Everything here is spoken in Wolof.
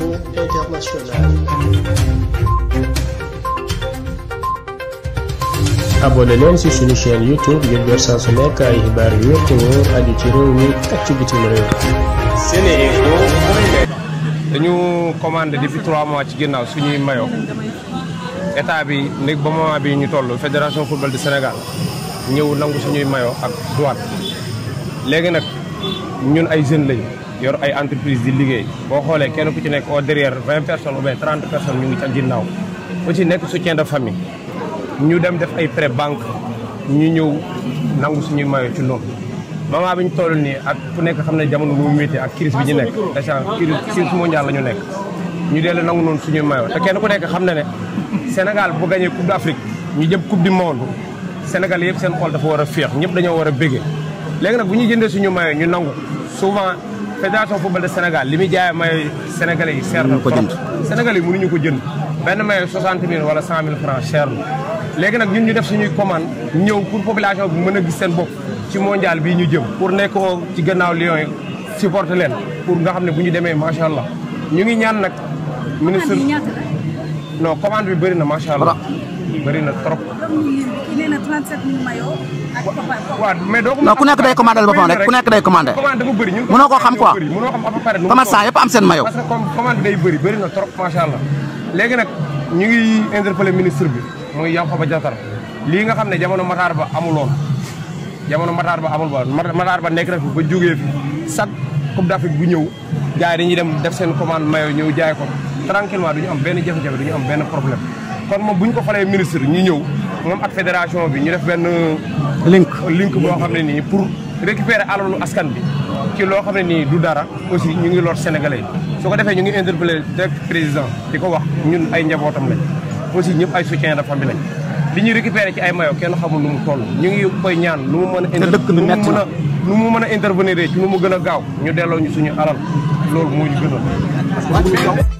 Relations internationales. abonné leen ci suñu YouTube ngir jot saa su xibaar yu wér te wóor ci réew mi ak ci bitim réew. dañu commandé depuis trois mois ci ginnaaw suñuy mayo état bi nekk ba moment bi ñu toll fédération football du Sénégal ñëw nangu suñuy mayoo ak douane léegi nag ñun ay jeunes lañu. yor ay entreprise di liggéey boo xoolee kenn ku ci nekk au derrière vingt personnes ou bien trente personnes ñu ngi ca ginnaaw ku ci nekk soutien de famille ñu dem def ay prêt banque ñu ñëw nangu suñuy mayo ci noonu moment bi ñu toll nii ak ku nekk xam ne jamono bu mu métti ak crise bi ñu nekk échange crise mondiale la ñu nekk ñu dellu nangu noonu suñuy mayo te kenn ku nekk xam na ne Sénégal bu gagné coupe d'Afrique ñu jëm coupe du monde Sénégal yëpp seen xool dafa war a féex ñëpp dañoo war a bége léegi nag bu ñuy jëndee suñu mayo ñu nangu souvent fédération football de Sénégal li muy jaayee maillot sénégalais yi cher na ko jënd sénégalais yi mënuñu ko jënd benn maillot soixante mille wala cent mil francs cher na léegi nag ñun ñu def suñuy commande ñëw pour population bi mën a gis seen bopp ci mondial bii ñu jëm pour nekk ci gannaaw Lions yi supporter leen pour nga xam ne bu ñu demee macha allah ñu ngi ñaan nag ministre non commande bi bëri na macha allah bëri na trop nee na 37000 maillots ak waaw mais doo ko non ku nekk day commandé boppam rek ku nekk day commandé. commande dafa bëri ñun. mënoo koo xam xam à peu près saa yëpp am seen maillot. parce que bëri bëri na trop macha allah. léegi nag ñu ngi ministre bi muy Yankhoba Diattara lii nga xam ne jamono Matar Ba amuloon jamono Matar Ba amul ba Matar Ba nekk na fi ba jógee fi chaque Coupe d'Afrique bu ñëw gars yi dañuy dem def seen commande maillot ñëw jaay ko tranquillement duñu am benn jafe-jafe ñu am benn problème kon moom bu ko falee ministre ñu ñëw moom ak fédération bi ñu def benn. link link boo xam ne nii pour récupérer alalu askan bi. ci loo xam ne nii du dara aussi ñu ngi lor sénégalais yi su ko defee ñu ngi interpellé direct di ko wax ñun ay njabootam lañ aussi ñëpp ay soutien de famille lañ li ñuy récupéré ci ay mayo kenn xamul nu mu ñu ngi koy ñaan lu mu mën a lu mu mën a lu mu mën a intervenir ci nu mu gën a gaaw ñu delloo ñu suñu alal loolu moo ñu gën a